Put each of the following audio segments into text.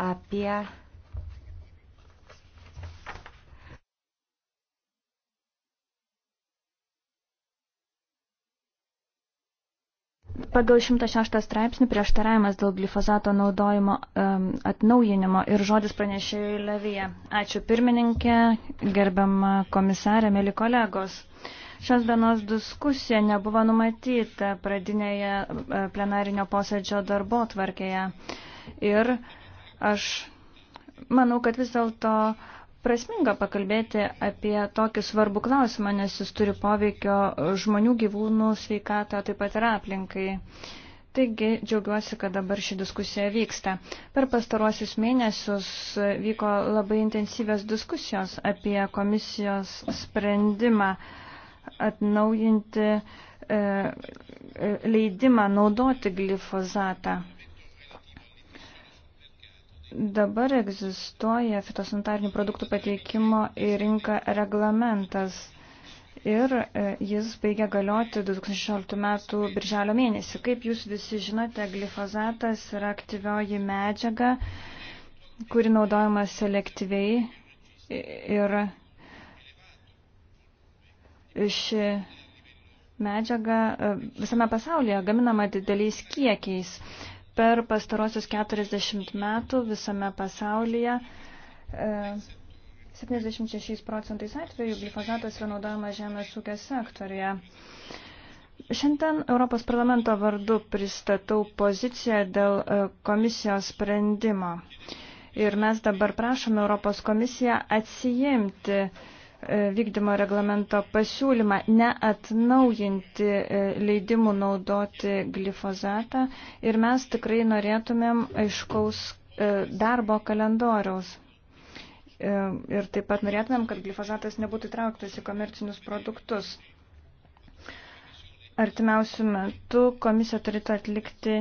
apie Pagal 106 straipsnių prieštaravimas dėl glifozato naudojimo um, atnaujinimo ir žodis pranešėjai Levija. Ačiū pirmininkė, gerbiama komisarė, mėly kolegos. Šios dienos diskusija nebuvo numatyta pradinėje e, plenarinio posėdžio darbo tvarkėje. Ir uh, Aš manau, kad vis dėlto prasminga pakalbėti apie tokį svarbų klausimą, nes jis turi poveikio žmonių gyvūnų sveikatą, taip pat ir aplinkai. Taigi džiaugiuosi, kad dabar ši diskusija vyksta. Per pastaruosius mėnesius vyko labai intensyvios diskusijos apie komisijos sprendimą atnaujinti e, e leidimą naudoti glifozatą. Dabar egzistuoja fitosanitarinių produktų pateikimo į rinką reglamentas ir e, jis baigia galioti 2016 metų birželio mėnesį. Kaip jūs visi žinote, glifozatas yra aktyvioji medžiaga, kuri naudojama selektyviai ir ši medžiaga e, visame pasaulyje gaminama dideliais kiekiais per pastarosius 40 metų visame pasaulyje 76 e, procentais atveju glifosatas yra naudojamas žemės ūkio sektorija. Šiandien Europos parlamento vardu pristatau poziciją dėl e, komisijos sprendimo. Ir mes dabar prašome Europos komisiją atsijimti uh, E, vykdymo reglamento pasiūlymą neatnaujinti e, leidimų naudoti glifozatą ir mes tikrai norėtumėm aiškaus e, darbo kalendoriaus. Ir taip pat norėtumėm, kad glifozatas nebūtų įtrauktas į komercinius produktus. Artimiausių metų komisija turėtų atlikti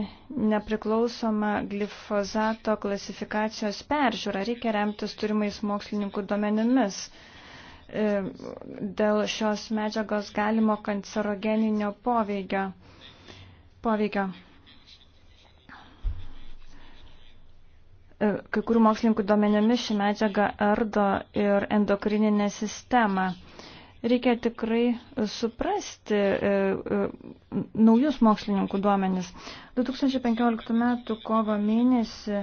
nepriklausomą glifozato klasifikacijos peržiūrą. Reikia remtis turimais mokslininkų duomenimis. E, dėl šios medžiagos galimo kancerogeninio poveikio. poveikio. E, kai kurių mokslininkų duomenėmis ši medžiaga ardo ir endokrininę sistemą. Reikia tikrai suprasti e, naujus mokslininkų duomenis. 2015 m. kovo mėnesį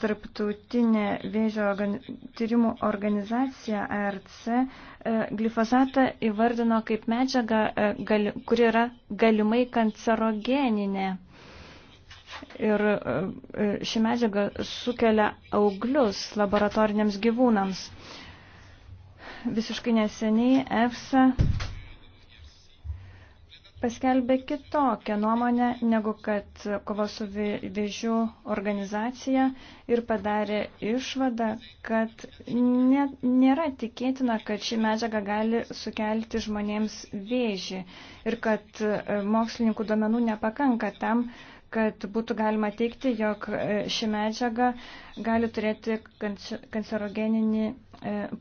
tarptautinė vėžio organi tyrimų organizacija ARC e, glifosatą įvardino kaip medžiagą, e, gali, kuri yra galimai kancerogeninė. Ir e, ši medžiaga sukelia auglius laboratoriniams gyvūnams. Visiškai neseniai EFSA paskelbė kitokią nuomonę negu kad kovos su vėžiu organizacija ir padarė išvadą, kad ne, nėra tikėtina, kad ši medžiaga gali sukelti žmonėms vėžį ir kad e, mokslininkų duomenų nepakanka tam, kad būtų galima teikti, jog e, ši medžiaga gali turėti kancerogeninį e,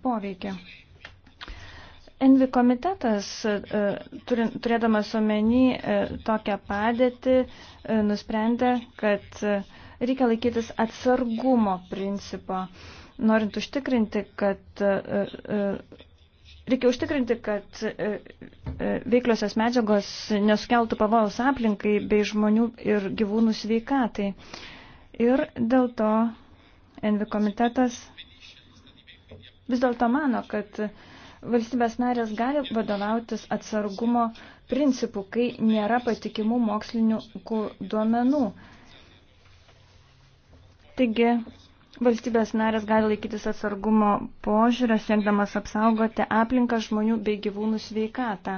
poveikį. Envi komitetas, e, turėdamas omeny e, tokią padėtį, e, nusprendė, kad reikia laikytis atsargumo principo, norint užtikrinti, kad reikia užtikrinti, kad veikliosios medžiagos nesukeltų pavojaus aplinkai bei žmonių ir gyvūnų sveikatai. Ir dėl to Envi komitetas vis dėlto mano, kad uh, Valstybės narės gali vadovautis atsargumo principu, kai nėra patikimų mokslinių duomenų. Taigi, valstybės narės gali laikytis atsargumo požiūrio, siekdamas apsaugoti aplinką žmonių bei gyvūnų sveikatą.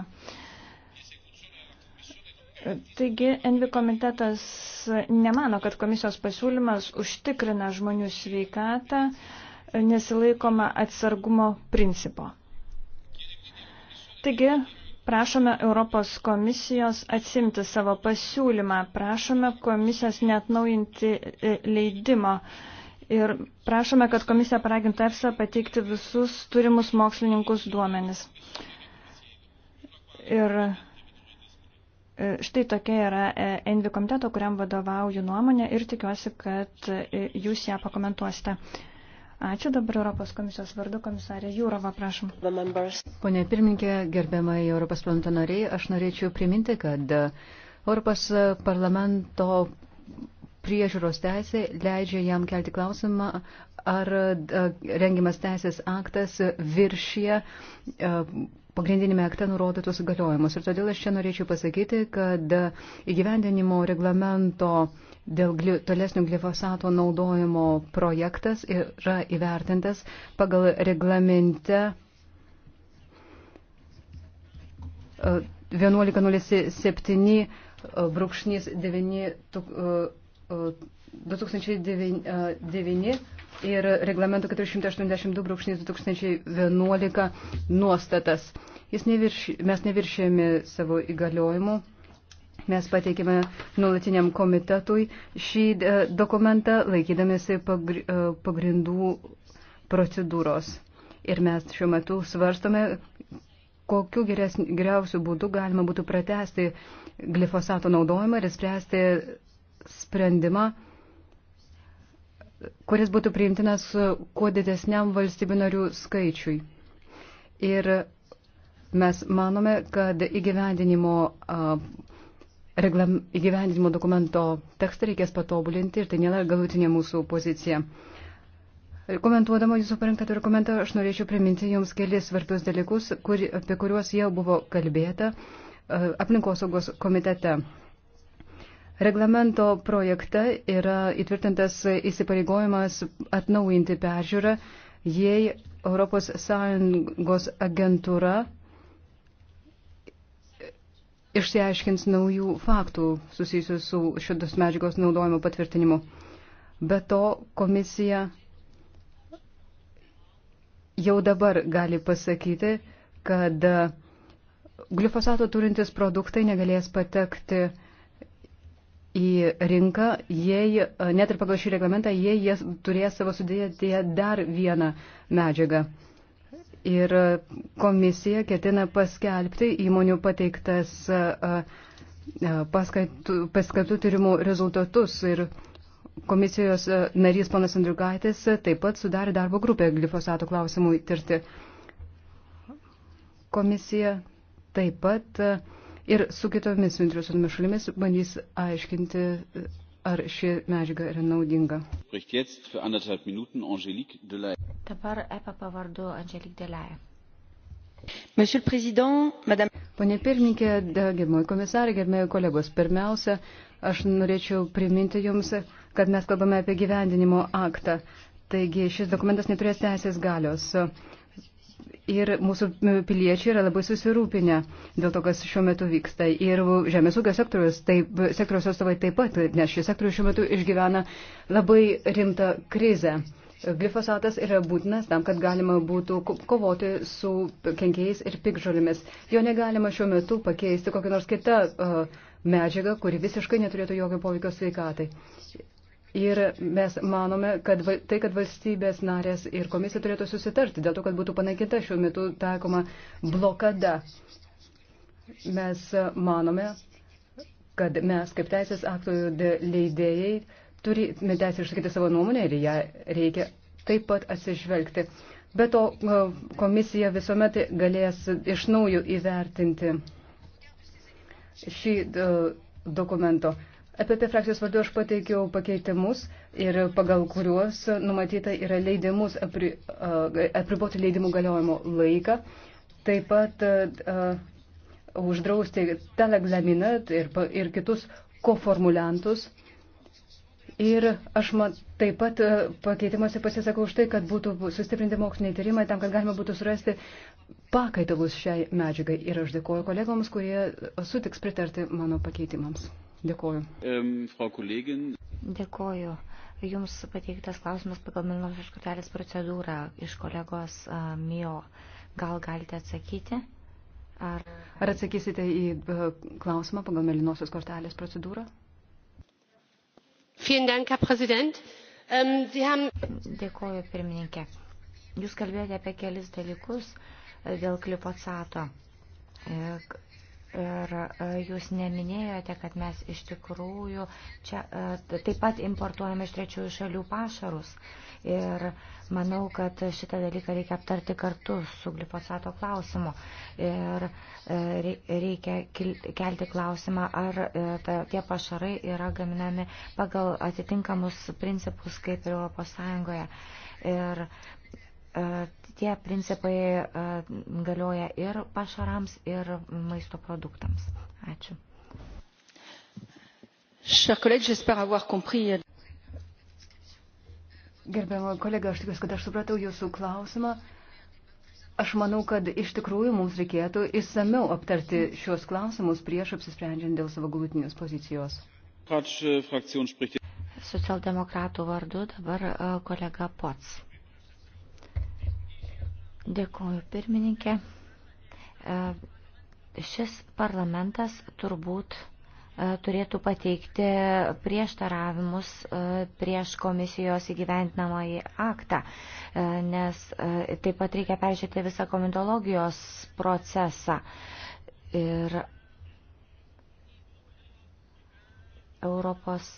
Taigi, Envi komitetas nemano, kad komisijos pasiūlymas užtikrina žmonių sveikatą, nesilaikoma atsargumo principo. Taigi, prašome Europos komisijos atsimti savo pasiūlymą, prašome komisijos netnaujinti e, leidimo ir prašome, kad komisija paragintų EFSA pateikti visus turimus mokslininkus duomenis. Ir e, štai tokia yra e, Envi komiteto, kuriam vadovauju nuomonė ir tikiuosi, kad jūs ją pakomentuosite. Ačiū dabar Europos komisijos vardu komisarė Jūrova, prašom. Pone pirmininkė, gerbiamai Europos parlamento nariai, aš norėčiau priminti, kad Europos parlamento priežiūros teisė leidžia jam kelti klausimą, ar rengiamas teisės aktas viršė pagrindinėme akte nurodytus galiojimus. Ir todėl aš čia norėčiau pasakyti, kad įgyvendinimo reglamento dėl gli, tolesnio glifosato naudojimo projektas yra įvertintas pagal reglamente 1107 e, e, brūkšnys 9 2009 e, ir reglamento 482 brūkšnys 2011 nuostatas. Nevirš, mes neviršėjome savo įgaliojimų. Mes pateikėme nulatiniam komitetui šį e, dokumentą, laikydamėsi e, pagrindų procedūros. Ir mes šiuo metu svarstome, kokiu geresn, geriausiu būdu galima būtų pratesti glifosato naudojimą ir spręsti sprendimą kuris būtų priimtinas kuo didesniam valstybių narių skaičiui. Ir Mes manome, kad įgyvendinimo, reglam, įgyvendinimo dokumento tekstą reikės patobulinti ir tai nėra galutinė mūsų pozicija. Komentuodama jūsų parengtą dokumentą, aš norėčiau priminti jums kelis svarbius dalykus, kur, apie kuriuos jau buvo kalbėta aplinkosaugos komitete. Reglamento projekte yra įtvirtintas įsipareigojimas atnaujinti peržiūrą, jei ES agentūra išsiaiškins naujų faktų susijusių su šios medžiagos naudojimo patvirtinimu. Be to, komisija jau dabar gali pasakyti, kad glifosato turintis produktai negalės patekti į rinką, jei, net ir pagal šį reglamentą, jei jie turės savo sudėtėje dar vieną medžiagą ir komisija ketina paskelbti įmonių pateiktas paskaitų, paskaitų tyrimų rezultatus. Ir komisijos narys panas Andriukaitis taip pat sudarė darbo grupę glifosato klausimų tirti. Komisija taip pat ir su kitomis interesuotomis šalimis bandys aiškinti, ar ši medžiaga yra naudinga. Dabar EPP vardu Andželik Dėlėje. Monsieur le Président, Madame. Pone pirmininkė, gerbimoji komisarė, gerbimoji kolegos, pirmiausia, aš norėčiau priminti Jums, kad mes kalbame apie gyvendinimo aktą. Taigi šis dokumentas neturės teisės galios. Ir mūsų piliečiai yra labai susirūpinę dėl to, kas šiuo metu vyksta. Ir žemės ūkio sektorius, taip, sektoriaus atstovai taip pat, nes šis sektorius šiuo metu išgyvena labai rimtą krizę. Glifosatas yra būtinas tam, kad galima būtų kovoti su kenkėjais ir pikžolėmis. Jo negalima šiuo metu pakeisti kokią nors kitą uh, medžiagą, kuri visiškai neturėtų jokio poveikio sveikatai. Ir mes manome, kad tai, kad valstybės narės ir komisija turėtų susitarti dėl to, kad būtų panaikinta šiuo metu taikoma blokada. Mes manome, kad mes kaip teisės aktų leidėjai turime teisę išsakyti savo nuomonę ir ją reikia taip pat atsižvelgti. Be to e, komisija visuomet galės iš naujo įvertinti šį e, dokumento. EPP frakcijos vardu aš pateikiau pakeitimus ir pagal kuriuos numatyta yra leidimus apri, e, apriboti leidimų galiojimo laiką. Taip pat uh, uždrausti teleglaminą ir, ir kitus koformuliantus. Uh, Ir aš man, taip pat e, pakeitimuose pasisakau už tai, kad būtų sustiprinti moksliniai tyrimai tam, kad galima būtų surasti pakaitalus šiai medžiagai. Ir aš dėkoju kolegoms, kurie sutiks pritarti mano pakeitimams. Dėkoju. Um, Dėkoju. Jums pateiktas klausimas pagal Milnosios kortelės procedūrą iš kolegos uh, Mio. Gal galite atsakyti? Ar, ar atsakysite į uh, klausimą pagal Milnosios kortelės procedūrą? Ähm, Dėkoju, pirmininkė. Jūs kalbėjote apie kelis dalykus äh, dėl glifosato. Äh, Ir e, jūs neminėjote, kad mes iš tikrųjų čia e, taip pat importuojame iš trečiųjų šalių pašarus. Ir manau, kad šitą dalyką reikia aptarti kartu su glifosato klausimu. Ir e, reikia kelti klausimą, ar ta, tie pašarai yra gaminami pagal atitinkamus principus kaip ir Europos Sąjungoje. Ir E, tie principai e, galioja ir pašarams, ir maisto produktams. Ačiū. Gerbiamą kolegą, aš tikiuosi, kad aš supratau jūsų klausimą. Aš manau, kad iš tikrųjų mums reikėtų įsamiau aptarti šios klausimus prieš apsisprendžiant dėl savo galutinės pozicijos. E, Socialdemokratų vardu dabar kolega Pots. Dėkuoju, pirmininkė. E, šis parlamentas turbūt e, turėtų pateikti prieštaravimus e, prieš komisijos įgyventinamąjį aktą, nes taip pat reikia peržiūrėti visą komentologijos procesą. Ir Europos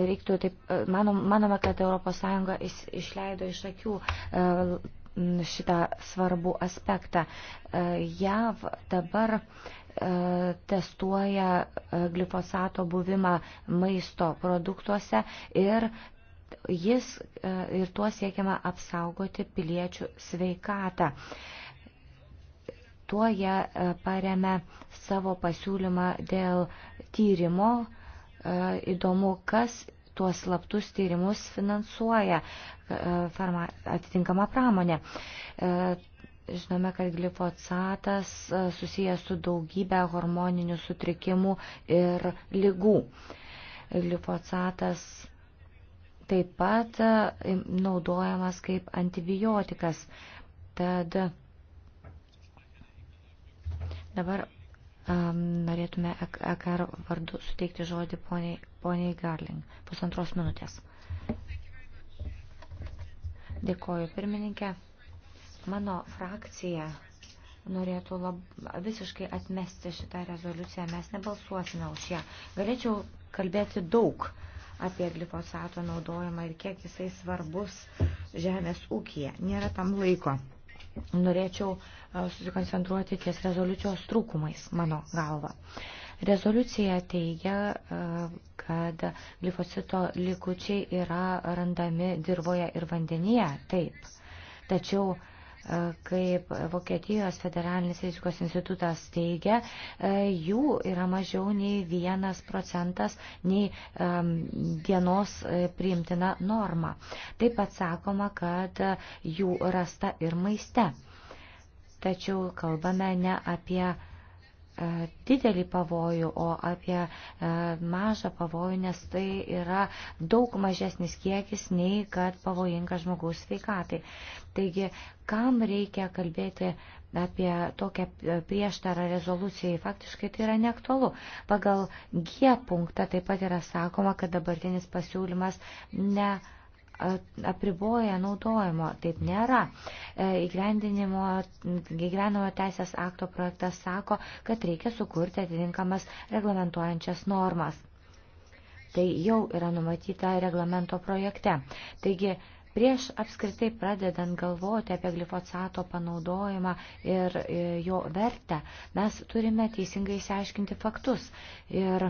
reiktų taip, e, manom, manome, kad ES išleido iš akių e, šitą svarbų aspektą. E, JAV dabar testuoja glifosato buvimą maisto produktuose ir jis ir tuo siekiama apsaugoti piliečių sveikatą. Tuo jie paremė savo pasiūlymą dėl tyrimo, E, įdomu, kas tuos slaptus tyrimus finansuoja e, farma, atitinkama pramonė. E, žinome, kad glifosatas susijęs su daugybė hormoninių sutrikimų ir lygų. Glifosatas taip pat naudojamas kaip antibiotikas. Tad dabar um, norėtume EKR vardu suteikti žodį poniai, poniai Garling. Pusantros minutės. Dėkoju, pirmininkė. Mano frakcija norėtų lab, visiškai atmesti šitą rezoliuciją. Mes nebalsuosime už ją. Galėčiau kalbėti daug apie glifosato naudojimą ir kiek jisai svarbus žemės ūkija. Nėra tam laiko norėčiau e, susikoncentruoti ties rezoliucijos trūkumais, mano galva. Rezoliucija teigia, e, kad glifosito likučiai yra randami dirboje ir vandenyje, taip. Tačiau E, kaip Vokietijos federalinis rizikos institutas teigia, e, jų yra mažiau nei vienas procentas, nei dienos e, priimtina norma. Taip pat sakoma, kad jų rasta ir maiste. Tačiau kalbame ne apie didelį pavojų, o apie mažą pavojų, nes tai yra daug mažesnis kiekis nei kad pavojinga žmogaus sveikatai. Taigi, kam reikia kalbėti apie tokią prieštarą rezoliucijai, faktiškai tai yra neaktualu. Pagal G punktą taip pat yra sakoma, kad dabartinis pasiūlymas ne apriboja naudojimo. Taip nėra. E, Įgyvenimo teisės akto projektas sako, kad reikia sukurti atitinkamas reglamentuojančias normas. Tai jau yra numatyta reglamento projekte. Taigi Prieš apskritai pradedant galvoti apie glifosato panaudojimą ir e, jo vertę, mes turime teisingai įsiaiškinti faktus. Ir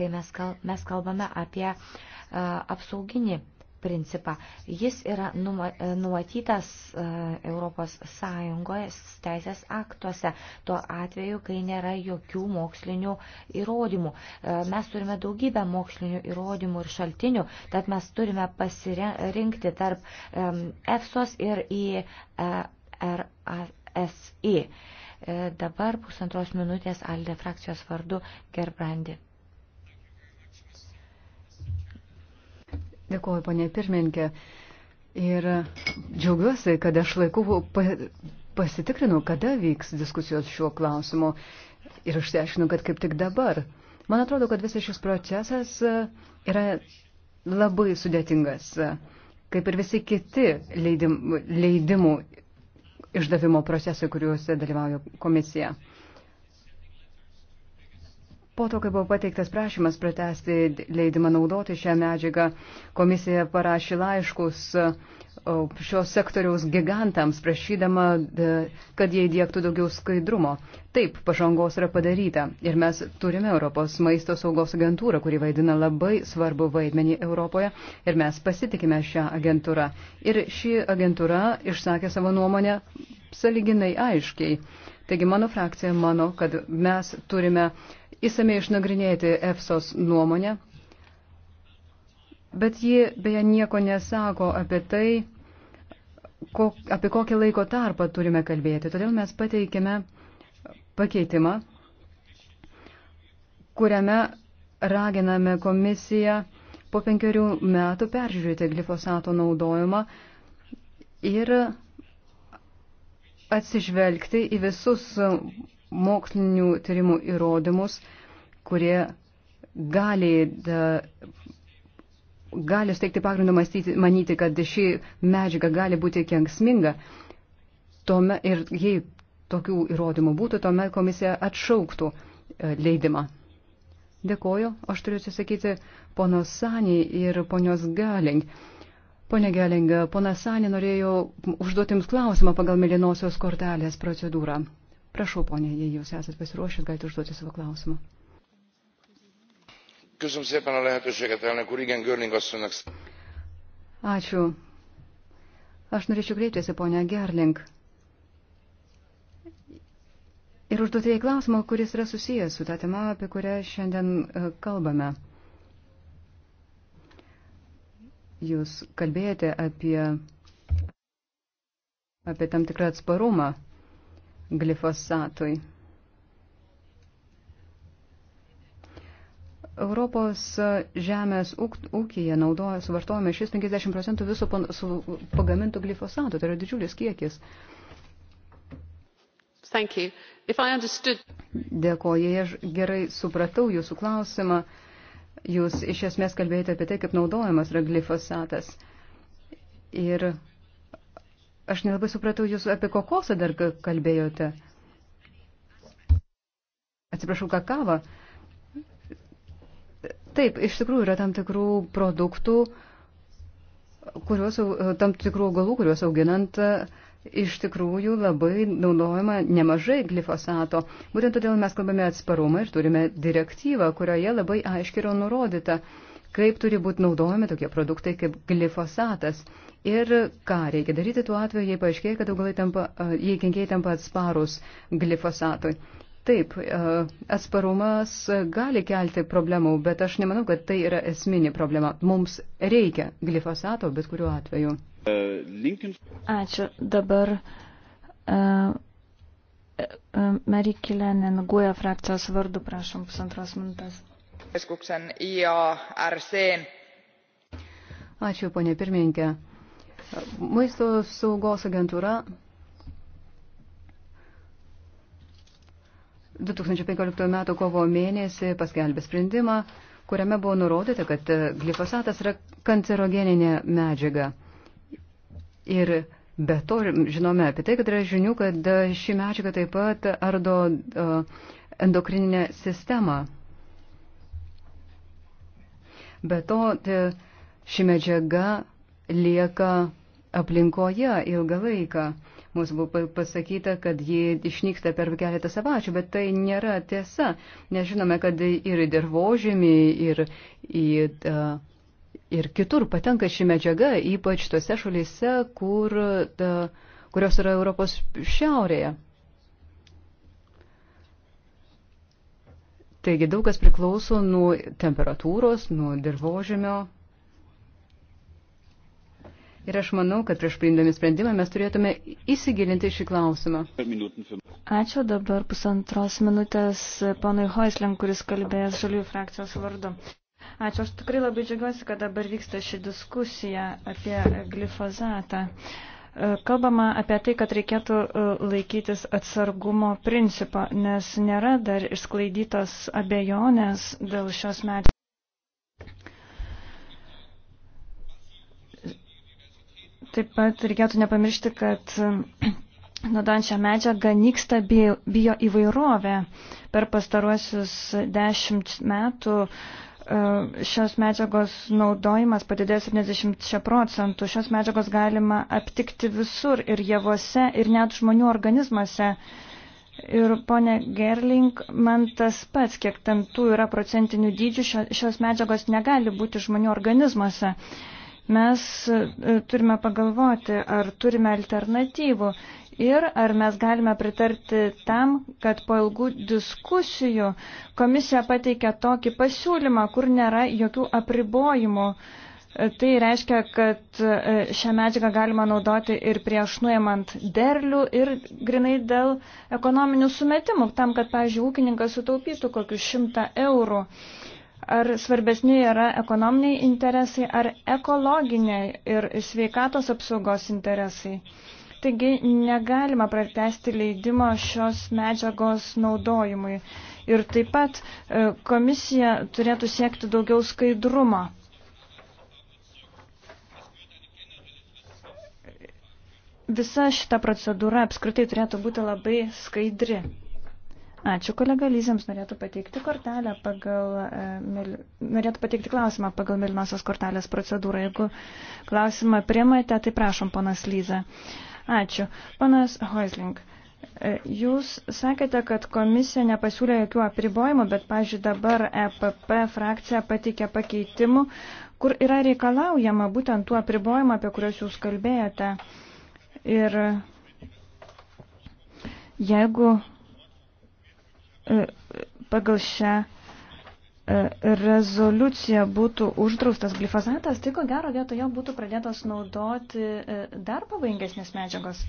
kai mes, kal mes kalbame apie a, e, apsauginį principą. Jis yra e, numatytas e, Europos Sąjungos teisės aktuose, tuo atveju, kai nėra jokių mokslinių įrodymų. E, mes turime daugybę mokslinių įrodymų ir šaltinių, tad mes turime pasirinkti tarp EFSOS ir IRSI. Dabar pusantros minutės Alde frakcijos vardu Gerbrandi. Dėkuoju, ponė pirmininkė. Ir džiaugiuosi, kad aš laiku pasitikrinau, kada vyks diskusijos šiuo klausimu. Ir išsiaiškinu, kad kaip tik dabar. Man atrodo, kad visas šis procesas e, yra labai sudėtingas, kaip ir visi kiti leidim, leidimų išdavimo procesai, kuriuose dalyvauja komisija. Po to, kai buvo pateiktas prašymas pratesti leidimą naudoti šią medžiagą, komisija parašė laiškus e, šios sektoriaus gigantams, prašydama, e, kad jie įdėktų daugiau skaidrumo. Taip, pažangos yra padaryta ir mes turime Europos maisto saugos agentūrą, kuri vaidina labai svarbu vaidmenį Europoje ir mes pasitikime šią agentūrą. Ir ši agentūra išsakė savo nuomonę saliginai aiškiai. Taigi mano frakcija mano, kad mes turime įsamei išnagrinėti EFSOS nuomonę, bet ji beje nieko nesako apie tai, ko, apie kokį laiko tarpą turime kalbėti. Todėl mes pateikėme pakeitimą, kuriame raginame komisiją po penkerių metų peržiūrėti glifosato naudojimą ir atsižvelgti į visus mokslinių tyrimų įrodymus, kurie gali, da, gali steigti pagrindą mąstyti, manyti, kad ši medžiaga gali būti kenksminga. Tome, ir jei tokių įrodymų būtų, tuomet komisija atšauktų e, leidimą. Dėkoju, aš turiu atsisakyti ponos Sanį ir ponios Galing. Pone Gelinga, pona Sanė norėjo užduoti Jums klausimą pagal mėlynosios kortelės procedūrą. Prašau, ponė, jei jūs esat pasiruošęs, galite užduoti savo klausimą. Ačiū. Aš norėčiau kreiptis į ponę Gerling. Ir užduoti į klausimą, kuris yra susijęs su tą tema, apie kurią šiandien e, kalbame. Jūs kalbėjote apie, apie tam tikrą atsparumą glifosatui. Europos žemės ūkija naudoja, suvartojame 650 procentų viso pagamintų glifosato, tai yra didžiulis kiekis. Understood... Dėkoju, jei gerai supratau jūsų klausimą, jūs iš esmės kalbėjote apie tai, kaip naudojamas yra glifosatas. Ir Aš nelabai supratau, jūs apie kokosą dar kalbėjote. Atsiprašau, kakavą. Taip, iš tikrųjų yra tam tikrų produktų, kuriuos, tam tikrų augalų, kuriuos auginant iš tikrųjų labai naudojama nemažai glifosato. Būtent todėl mes kalbame atsparumą ir turime direktyvą, kurioje labai aiškiai yra nurodyta, kaip turi būti naudojami tokie produktai kaip glifosatas ir ką reikia daryti tuo atveju, jei paaiškėja, kad augalai tampa, jei kenkėjai tampa atsparus glifosatui. Taip, atsparumas gali kelti problemų, bet aš nemanau, kad tai yra esminė problema. Mums reikia glifosato, bet kuriuo atveju. E, Ačiū. Dabar uh, e, e, Mary Kilenin, Guja frakcijos vardu, prašom, pusantros minutės keskuksen IARCn. Ačiū, ponė pirmininkė. Maisto saugos agentūra 2015 m. kovo mėnesį paskelbė sprendimą, kuriame buvo nurodyta, kad glifosatas yra kancerogeninė medžiaga. Ir be to žinome apie tai, kad yra žinių, kad ši medžiaga taip pat ardo endokrininę sistemą. Be to, ši medžiaga lieka aplinkoje ilgą laiką. Mums buvo pasakyta, kad ji išnyksta per keletą savaičių, bet tai nėra tiesa. Nežinome, kad ir į dirbožymį, ir, ir, ir kitur patenka ši medžiaga, ypač tose šalyse, kur, kurios yra Europos šiaurėje. Taigi daug kas priklauso nuo temperatūros, nuo dirbožėmio. Ir aš manau, kad prieš priimdami sprendimą mes turėtume įsigilinti šį klausimą. Ačiū dabar pusantros minutės panui Hoisling, kuris kalbėjęs žaliųjų frakcijos vardu. Ačiū, aš tikrai labai džiaugiuosi, kad dabar vyksta ši diskusija apie glifozatą. Uh, Kalbama apie tai, kad reikėtų e, laikytis atsargumo principo, nes nėra dar išsklaidytos abejonės dėl šios medžiagos. Taip pat reikėtų nepamiršti, kad naudojant šią medžiagą nyksta bio įvairovė. Per pastaruosius dešimt metų uh, E, šios medžiagos naudojimas padidės 70 procentų. Šios medžiagos galima aptikti visur ir javuose, ir net žmonių organizmuose. Ir ponė Gerling, man tas pats, kiek ten tų yra procentinių dydžių, šios medžiagos negali būti žmonių organizmuose. Mes e, turime pagalvoti, ar turime alternatyvų ir ar mes galime pritarti tam, kad po ilgų diskusijų komisija pateikia tokį pasiūlymą, kur nėra jokių apribojimų. Tai reiškia, kad e, šią medžiagą galima naudoti ir prieš nuėmant derlių ir grinai dėl ekonominių sumetimų, tam, kad, pavyzdžiui, ūkininkas sutaupytų kokius šimtą eurų. Ar svarbesni yra ekonominiai interesai ar ekologiniai ir sveikatos apsaugos interesai? Taigi negalima pratesti leidimo šios medžiagos naudojimui. Ir taip pat e, komisija turėtų siekti daugiau skaidrumo. Visa šita procedūra apskritai turėtų būti labai skaidri. Ačiū kolega Lyzėms, norėtų pateikti kortelę pagal, e, norėtų pateikti klausimą pagal Milinosios kortelės procedūrą. Jeigu klausimą priemate, tai prašom, ponas Lyzė. Uh, Ačiū. Panas Hoisling, e, jūs sakėte, kad komisija nepasiūlė jokių apribojimų, bet, pažiūrėjau, dabar EPP frakcija patikė pakeitimų, kur yra reikalaujama būtent tų apribojimų, apie kuriuos jūs kalbėjote. Ir jeigu e, pagal šią rezoliucija būtų uždraustas glifosatas, tai ko gero vietoje būtų pradėtos naudoti e, dar pavojingesnės medžiagos.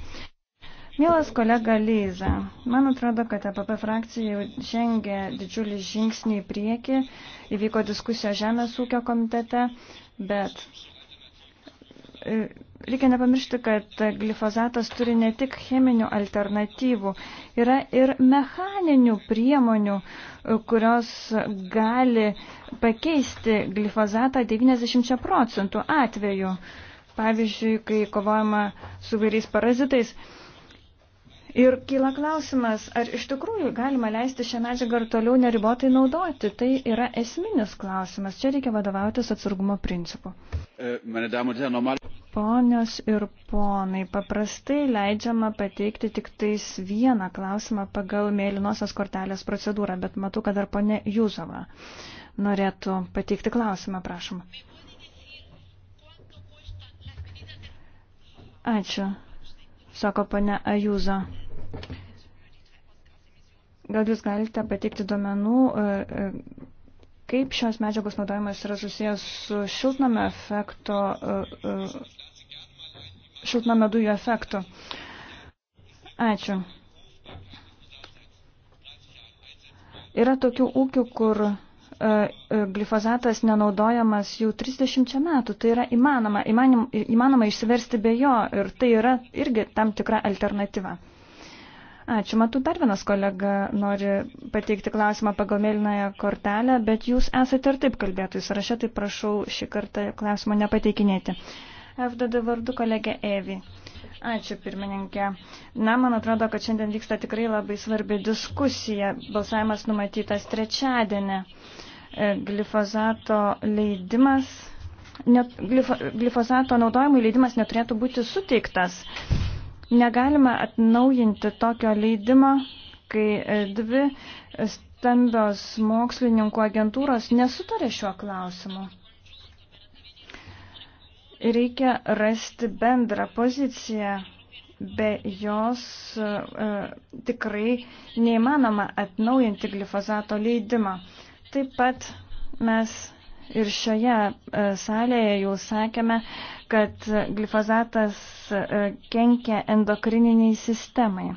Mielas kolega Lyza, man atrodo, kad APP e frakcija jau žengė didžiulį žingsnį į priekį, įvyko diskusija Žemės ūkio komitete, bet e, Reikia nepamiršti, kad glifozatas turi ne tik cheminių alternatyvų, yra ir mechaninių priemonių, kurios gali pakeisti glifozatą 90 procentų atveju. Pavyzdžiui, kai kovojama su vairiais parazitais, Ir kyla klausimas, ar iš tikrųjų galima leisti šią medžiagą ir toliau neribotai naudoti. Tai yra esminis klausimas. Čia reikia vadovautis atsargumo principu. E, Ponios ir ponai, paprastai leidžiama pateikti tik tais vieną klausimą pagal mėlynosios kortelės procedūrą, bet matau, kad dar ponė Jūzova norėtų pateikti klausimą, prašom. Ačiū sako pane Ajuzo. Gal jūs galite pateikti duomenų, e, e, kaip šios medžiagos naudojimas yra susijęs su šiltnamio efekto, e, šiltnamio dujų efektu? Ačiū. Yra tokių ūkių, kur E, e, glifozatas nenaudojamas jau 30 metų. Tai yra įmanoma, įmanoma, įmanoma išsiversti be jo ir tai yra irgi tam tikra alternatyva. Ačiū, matau, dar vienas kolega nori pateikti klausimą pagal mėlynąją kortelę, bet jūs esate ir taip kalbėtojų sąraše, tai prašau šį kartą klausimą nepateikinėti. FDD vardu kolegė Evi. Ačiū pirmininkė. Na, man atrodo, kad šiandien vyksta tikrai labai svarbi diskusija. Balsavimas numatytas trečiadienį. E, glifozato leidimas, net, glifo, glifozato naudojimui leidimas neturėtų būti suteiktas. Negalime atnaujinti tokio leidimo, kai e, dvi stambios mokslininkų agentūros nesutarė šiuo klausimu. Reikia rasti bendrą poziciją, be jos e, tikrai neįmanoma atnaujinti glifozato leidimą. Taip pat mes ir šioje e, salėje jau sakėme, kad glifozatas e, kenkia endokrininiai sistemai.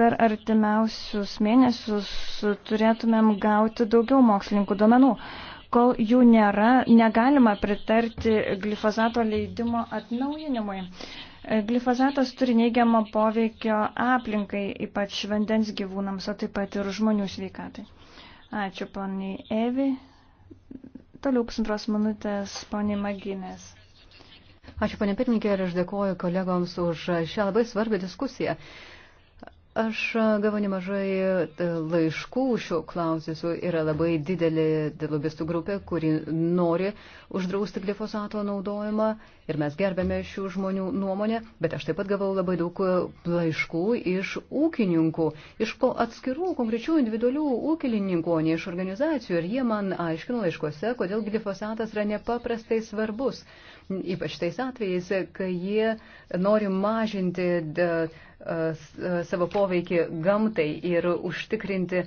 Per artimiausius mėnesius turėtumėm gauti daugiau mokslininkų duomenų. Kol jų nėra, negalima pritarti glifozato leidimo atnaujinimui. Glifozatas turi neigiamą poveikio aplinkai, ypač vandens gyvūnams, o taip pat ir žmonių sveikatai. Ačiū, poniai Evi. Toliau pusantros minutės, poniai Maginės. Ačiū, ponė pirmininkė, ir aš dėkoju kolegoms už šią labai svarbią diskusiją. Aš gavau nemažai laiškų šiuo klausimu. Yra labai didelė lobistų grupė, kuri nori uždrausti glifosato naudojimą ir mes gerbėme šių žmonių nuomonę, bet aš taip pat gavau labai daug e, laiškų iš ūkininkų, iš ko atskirų konkrečių individualių ūkininkų, o ne iš organizacijų. Ir jie man aiškino laiškose, kodėl glifosatas yra nepaprastai svarbus ypač tais atvejais, kai jie nori mažinti de, savo poveikį gamtai ir užtikrinti,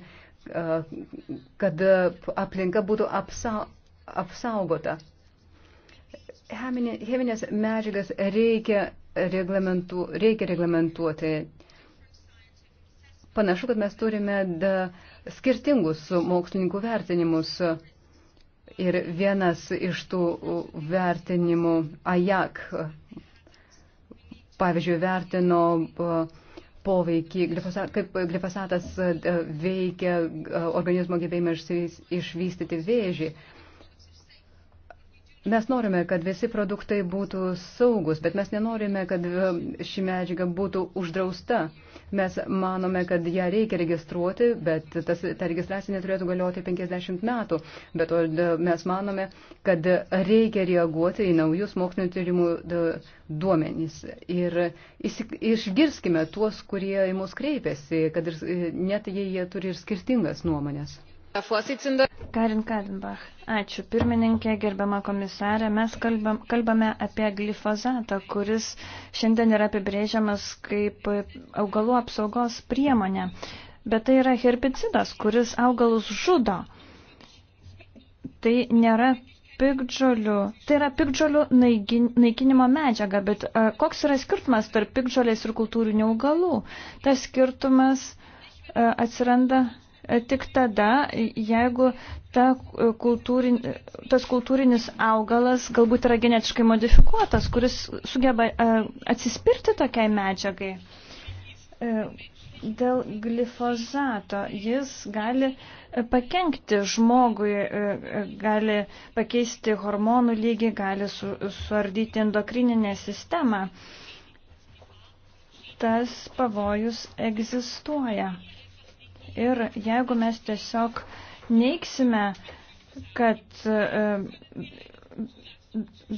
kad aplinka būtų apsa, apsaugota. Cheminės medžiagas reikia, reglamentu, reikia reglamentuoti. Panašu, kad mes turime da, skirtingus mokslininkų vertinimus. Uh, Ir vienas iš tų vertinimų AJAK, pavyzdžiui, vertino uh, poveikį, glifosat, kaip glifosatas uh, veikia uh, organizmo gebėjimą išvystyti vėžį. Mes norime, kad visi produktai būtų saugus, bet mes nenorime, kad e, ši medžiaga būtų uždrausta. Mes manome, kad ją reikia registruoti, bet tas, ta registracija neturėtų galioti 50 metų. Bet o, mes manome, kad reikia reaguoti į naujus mokslinio tyrimų duomenys. Ir išgirskime tuos, kurie į mus kreipiasi, kad ir, e, net jei jie turi ir skirtingas nuomonės. Karin Kadenbach, ačiū pirmininkė, gerbama komisarė. Mes kalbam, kalbame apie glifozatą, kuris šiandien yra apibrėžiamas kaip augalų apsaugos priemonė. Bet tai yra herbicidas, kuris augalus žudo. Tai nėra pikdžolių, tai yra pikdžolių naigin, naikinimo medžiaga, bet a, koks yra skirtumas tarp pikdžolės ir kultūrinių augalų? Tas skirtumas a, atsiranda tik tada, jeigu ta kultūrin, tas kultūrinis augalas galbūt yra genetiškai modifikuotas, kuris sugeba e, atsispirti tokiai medžiagai. E, dėl glifozato jis gali e, pakenkti žmogui, gali pakeisti hormonų lygį, gali su, suardyti endokrininę sistemą. Tas pavojus egzistuoja. Ir jeigu mes tiesiog neiksime, kad e,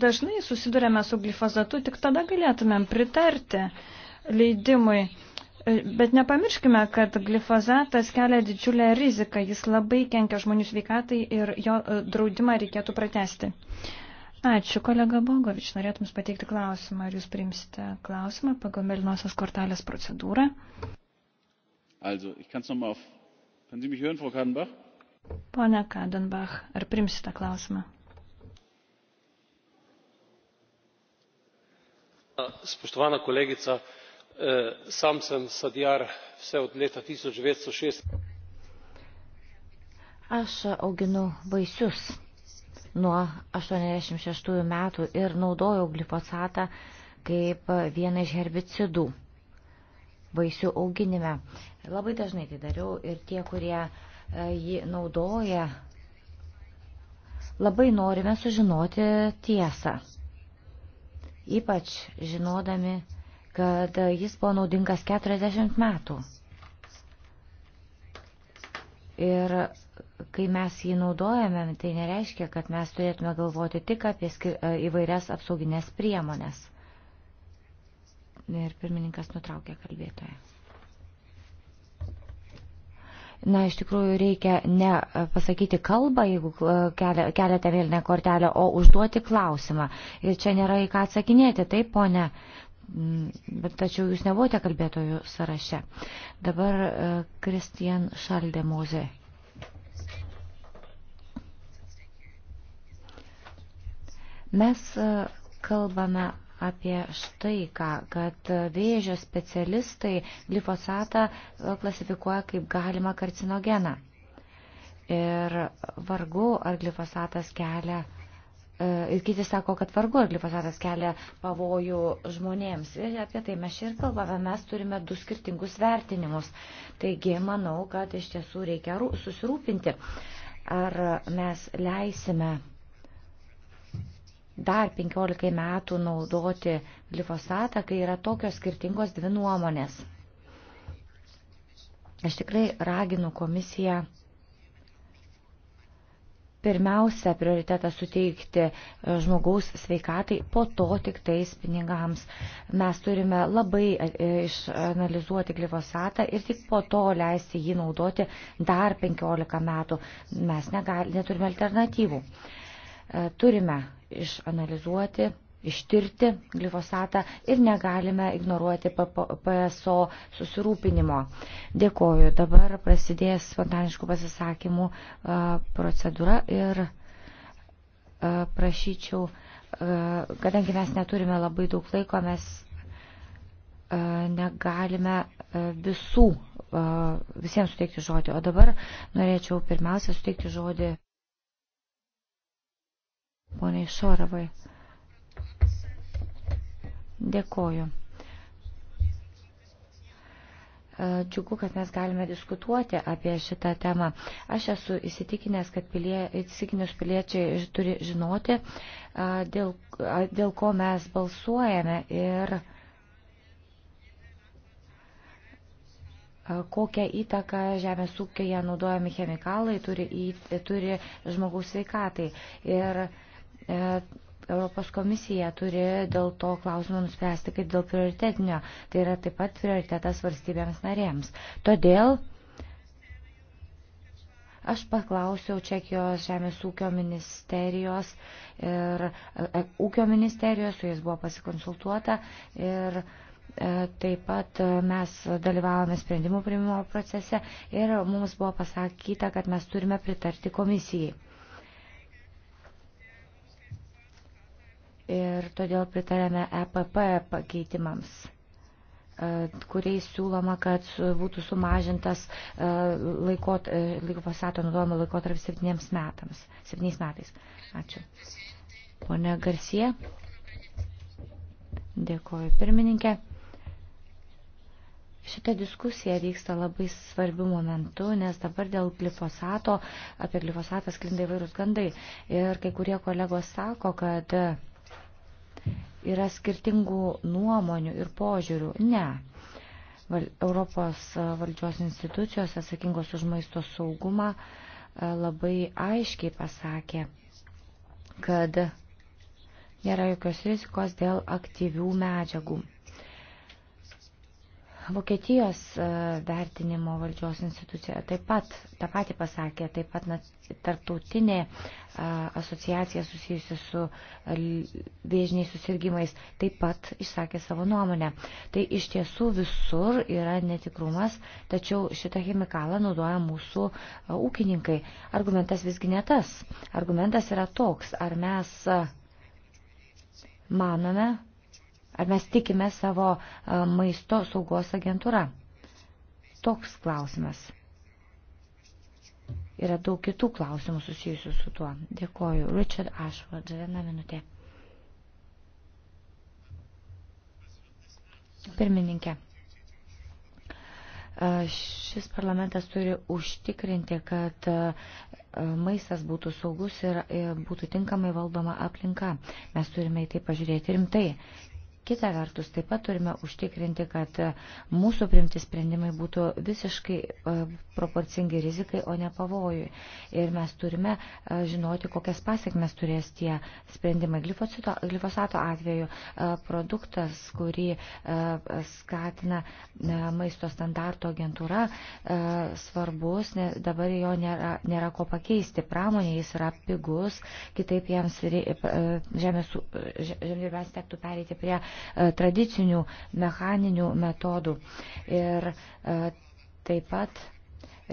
dažnai susidurėme su glifozatu, tik tada galėtumėm pritarti leidimui. E, bet nepamirškime, kad glifozatas kelia didžiulę riziką, jis labai kenkia žmonių sveikatai ir jo e, draudimą reikėtų pratesti. Ačiū, kolega Bogovič, norėtum pateikti klausimą, ar jūs priimsite klausimą pagal melinosios kortelės procedūrą? Also, ich kann es nochmal auf. Können Sie mich hören, Frau Kadenbach? Pone Kadenbach, ar primsite klausimą? Spoštovana kolegica, eh, sam sem sadjar vse od leta 1906. Aš auginu vaisius nuo 86 metų ir naudojau glifosatą kaip vieną iš herbicidų vaisių auginime. Labai dažnai tai dariau ir tie, kurie e, jį naudoja, labai norime sužinoti tiesą. Ypač žinodami, kad jis buvo naudingas 40 metų. Ir kai mes jį naudojame, tai nereiškia, kad mes turėtume galvoti tik apie e, įvairias apsauginės priemonės. Ir pirmininkas nutraukė kalbėtoją. Na, iš tikrųjų reikia ne e, pasakyti kalbą, jeigu e, keliate vėlinę kortelę, o užduoti klausimą. Ir čia nėra į ką atsakinėti, taip, ponė. Mm, bet tačiau jūs nebuvote kalbėtojų sąraše. Dabar Kristian e, Šaldemozė. Mes kalbame apie štai ką, kad vėžio specialistai glifosatą e, klasifikuoja kaip galima karcinogeną. Ir vargu, ar glifosatas kelia. E, ir kiti sako, kad vargu, ar glifosatas kelia pavojų žmonėms. Ir apie tai mes ir kalbame, mes turime du skirtingus vertinimus. Taigi, manau, kad iš tiesų reikia susirūpinti, ar mes leisime dar 15 metų naudoti glifosatą, kai yra tokios skirtingos dvi nuomonės. Aš tikrai raginu komisiją pirmiausia prioritetą suteikti e, žmogaus sveikatai, po to tik tais pinigams. Mes turime labai e, e, išanalizuoti glifosatą ir tik po to leisti jį naudoti dar 15 metų. Mes negal, neturime alternatyvų. Turime išanalizuoti, ištirti glifosatą ir negalime ignoruoti PSO susirūpinimo. Dėkoju. Dabar prasidės spontaniškų pasisakymų procedūra ir prašyčiau, kadangi mes neturime labai daug laiko, mes negalime visų, visiems suteikti žodį. O dabar norėčiau pirmiausia suteikti žodį poniai Šoravai. Dėkoju. E, džiugu, kad mes galime diskutuoti apie šitą temą. Aš esu įsitikinęs, kad pilie, įsitikinus piliečiai turi žinoti, e, dėl, e, dėl ko mes balsuojame ir kokią įtaką žemės ūkėje naudojami chemikalai turi, turi žmogaus sveikatai. Ir uh, E, Europos komisija turi dėl to klausimą nuspręsti kaip dėl prioritetinio. Tai yra taip pat prioritetas valstybėms narėms. Todėl aš paklausiau Čekijos žemės ūkio ministerijos ir e, ūkio ministerijos, su jais buvo pasikonsultuota ir e, Taip pat mes dalyvavome sprendimų priimimo procese ir mums buvo pasakyta, kad mes turime pritarti komisijai. ir todėl pritarėme EPP pakeitimams e, kuriais siūloma, kad būtų sumažintas e, laikot, e, glifosato naudojimo laikotarpis 7 metams. 7 metais. Ačiū. Pone Garsie. Dėkoju pirmininkė. Šita diskusija vyksta labai svarbiu momentu, nes dabar dėl glifosato, apie glifosatą sklinda įvairūs gandai. Ir kai kurie kolegos sako, kad yra skirtingų nuomonių ir požiūrių. Ne. Europos valdžios institucijos atsakingos už maisto saugumą labai aiškiai pasakė, kad nėra jokios rizikos dėl aktyvių medžiagų. Vokietijos e, vertinimo valdžios institucija taip pat tą patį pasakė, taip pat tartautinė e, asociacija susijusi su e, vėžiniais susirgymais taip pat išsakė savo nuomonę. Tai iš tiesų visur yra netikrumas, tačiau šitą chemikalą naudoja mūsų ūkininkai. Argumentas visgi ne tas. Argumentas yra toks, ar mes manome, Ar mes tikime savo e, maisto saugos agentūrą? Toks klausimas. Yra daug kitų klausimų susijusių su tuo. Dėkoju. Richard Ashford, viena minutė. Pirmininkė. E, šis parlamentas turi užtikrinti, kad e, maistas būtų saugus ir būtų tinkamai valdoma aplinka. Mes turime į tai pažiūrėti rimtai. Kita vertus, taip pat turime užtikrinti, kad mūsų primti sprendimai būtų visiškai e, proporcingi rizikai, o ne pavojui. Ir mes turime e, žinoti, kokias pasiekmes turės tie sprendimai. Glifosato atveju e, produktas, kurį skatina maisto standarto agentūra, svarbus, dabar jo nėra, nėra ko pakeisti. Pramonė jis yra pigus, kitaip jiems žemės, žemdirbės tektų pereiti prie E, tradicinių mechaninių metodų. Ir e, taip pat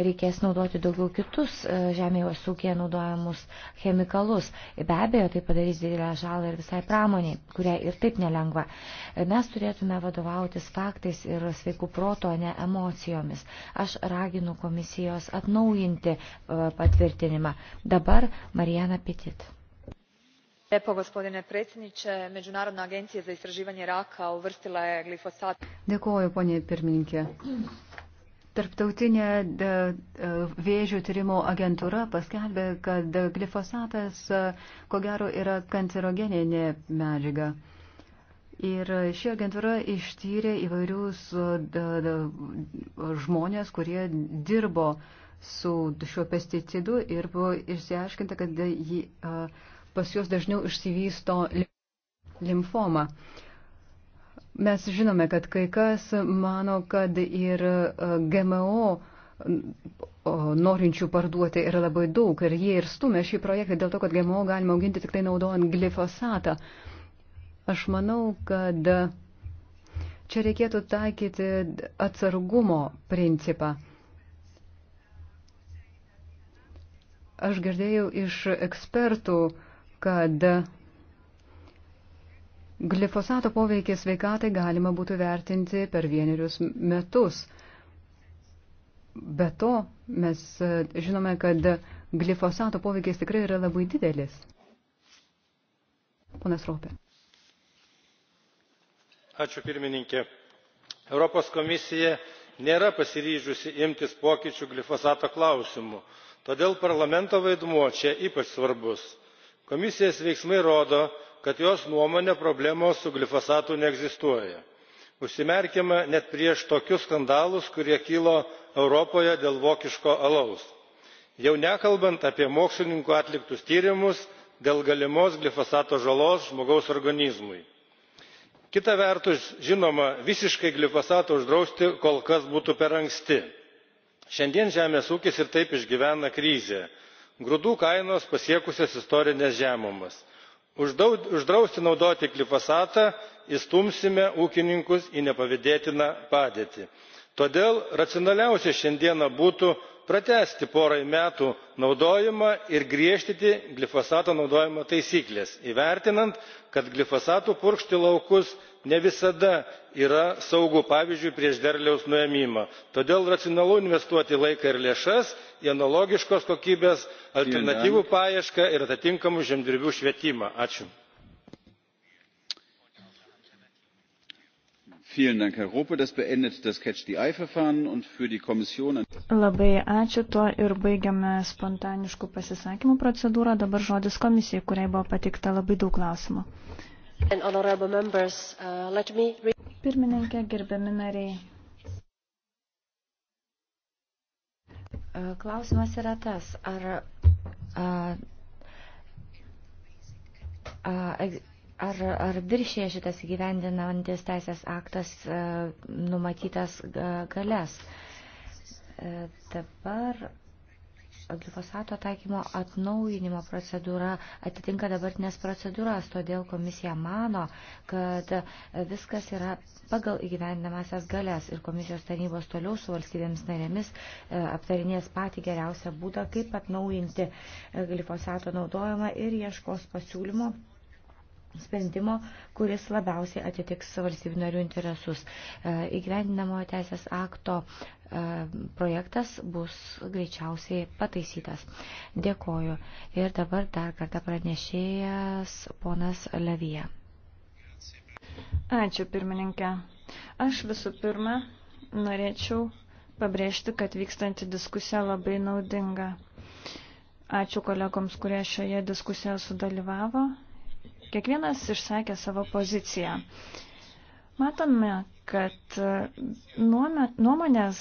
reikės naudoti daugiau kitus e, žemės ūkėje naudojamus chemikalus. Be abejo, tai padarys didelę žalą ir visai pramoniai, kuriai ir taip nelengva. Mes turėtume vadovautis faktais ir sveikų proto, ne emocijomis. Aš raginu komisijos atnaujinti patvirtinimą. Dabar Marijana Petit gospodine predsjedniče međunarodna agencija za istraživanje raka uvrstila je glifosat. dėkoju pone pirmininke. Tarptautinė e, e, vėžių tyrimo agentūra paskelbė, kad glifosatas e, ko gero yra kancerogeninė medžiaga. Ir ši agentūra ištyrė įvairius žmonės, kurie dirbo su šiuo pesticidu ir buvo išsiaiškinta, kad jį. Uh, pas juos dažniau išsivysto limfoma. Mes žinome, kad kai kas mano, kad ir e, GMO norinčių parduoti yra labai daug ir jie ir stumia šį projektą dėl to, kad GMO galima auginti tik tai naudojant glifosatą. Aš manau, kad čia reikėtų taikyti atsargumo principą. Aš girdėjau iš ekspertų, uh, kad glifosato poveikį sveikatai galima būtų vertinti per vienerius metus. Be to, mes e, žinome, kad glifosato poveikis tikrai yra labai didelis. Ponas Ropė. Ačiū pirmininkė. Europos komisija nėra pasiryžusi imtis pokyčių glifosato klausimu todėl parlamento vaidmuo čia ypač svarbus komisijos veiksmai rodo kad jos nuomone problemos su glifosatu neegzistuoja. užsimerkiama net prieš tokius skandalus kurie kilo europoje dėl vokiško alaus jau nekalbant apie mokslininkų atliktus tyrimus dėl galimos glifosato žalos žmogaus organizmui. kita vertus žinoma visiškai glifosatą uždrausti kol kas būtų per anksti. šiandien žemės ūkis ir taip išgyvena krizę grūdų kainos pasiekusios istorines žemumas. uždrausti naudoti glifosatą įstumsime ūkininkus į nepavydėtiną padėtį. todėl racionaliausia šiandien būtų pratęsti porai metų naudojimą ir griežtinti glifosato naudojimo taisykles įvertinant kad glifosatu purkšti laukus ne visada yra saugu pavyzdžiui prieš derliaus nuėmimą todėl racionalu investuoti laiką ir lėšas į analogiškos kokybės alternatyvų paiešką ir atitinkamų žemdirbių švietimą. Vielen Dank, Herr Rope. Das beendet das Catch-the-Eye-Verfahren und für die Kommission. Labai ačiū, tuo ir baigiame spontaniškų pasisakymų procedūrą. Dabar žodis komisijai, kuriai buvo patikta labai daug klausimų. Uh, Pirmininkė, gerbiami nariai. Uh, klausimas yra tas, ar a, uh, a, Ar, ar viršė šitas įgyvendinantis teisės aktas e, numatytas e, galės? E, dabar glifosato taikymo atnaujinimo procedūra atitinka dabartinės procedūras, todėl komisija mano, kad viskas yra pagal įgyvendinamasias galės ir komisijos tarnybos toliau su valstybėms narėmis e, aptarinės patį geriausią būdą, kaip atnaujinti e, glifosato naudojimą ir ieškos pasiūlymo sprendimo, kuris labiausiai atitiks valstybių narių interesus. E, Įgyvendinamojo teisės akto e, projektas bus greičiausiai pataisytas. Dėkoju. Ir dabar dar kartą pranešėjas ponas Levija. Ačiū, pirmininkė. Aš visų pirma norėčiau pabrėžti, kad vykstanti diskusija labai naudinga. Ačiū kolegoms, kurie šioje diskusijoje sudalyvavo Kiekvienas išsakė savo poziciją. Matome, kad nuomonės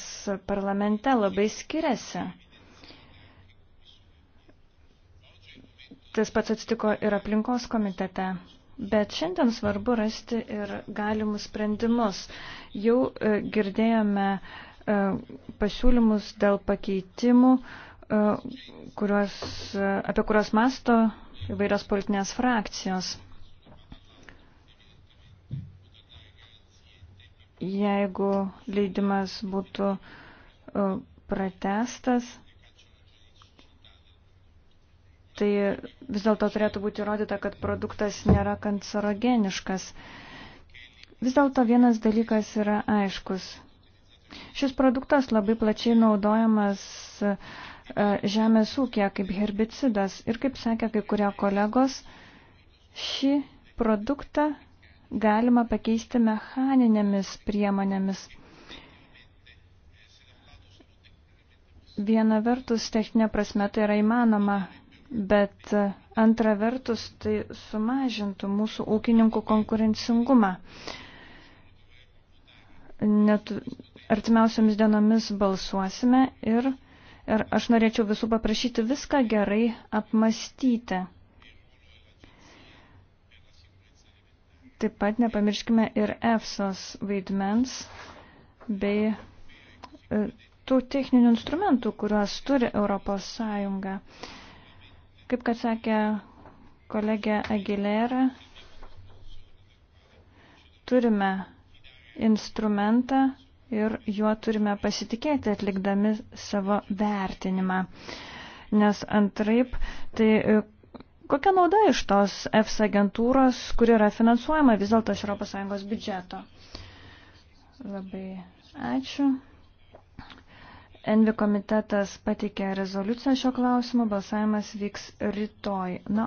parlamente labai skiriasi. Tas pats atsitiko ir aplinkos komitete. Bet šiandien svarbu rasti ir galimus sprendimus. Jau e, girdėjome e, pasiūlymus dėl pakeitimų, e, kuriuos, apie kuriuos masto įvairios politinės frakcijos. Jeigu leidimas būtų e, pratestas, tai vis dėlto turėtų būti įrodyta, kad produktas nėra kancerogeniškas. Vis dėlto vienas dalykas yra aiškus. Šis produktas labai plačiai naudojamas E, žemės ūkija kaip herbicidas. Ir kaip sakė kai kurie kolegos, šį produktą galima pakeisti mechaninėmis priemonėmis. Viena vertus, techninė prasme tai yra įmanoma, bet antra vertus, tai sumažintų mūsų ūkininkų konkurencingumą. Net artimiausiamis dienomis balsuosime ir Ir aš norėčiau visų paprašyti viską gerai apmastyti. Taip pat nepamirškime ir EFSOS vaidmens bei e, tų techninių instrumentų, kuriuos turi Europos Sąjunga. Kaip kad sakė kolegė Aguilera, turime instrumentą, ir juo turime pasitikėti atlikdami savo vertinimą. Nes antraip, tai e, kokia nauda iš tos EFS agentūros, kuri yra finansuojama vis dėlto iš ES biudžeto? Labai ačiū. Envi komitetas pateikė rezoliuciją šio klausimu, balsavimas vyks rytoj. Na,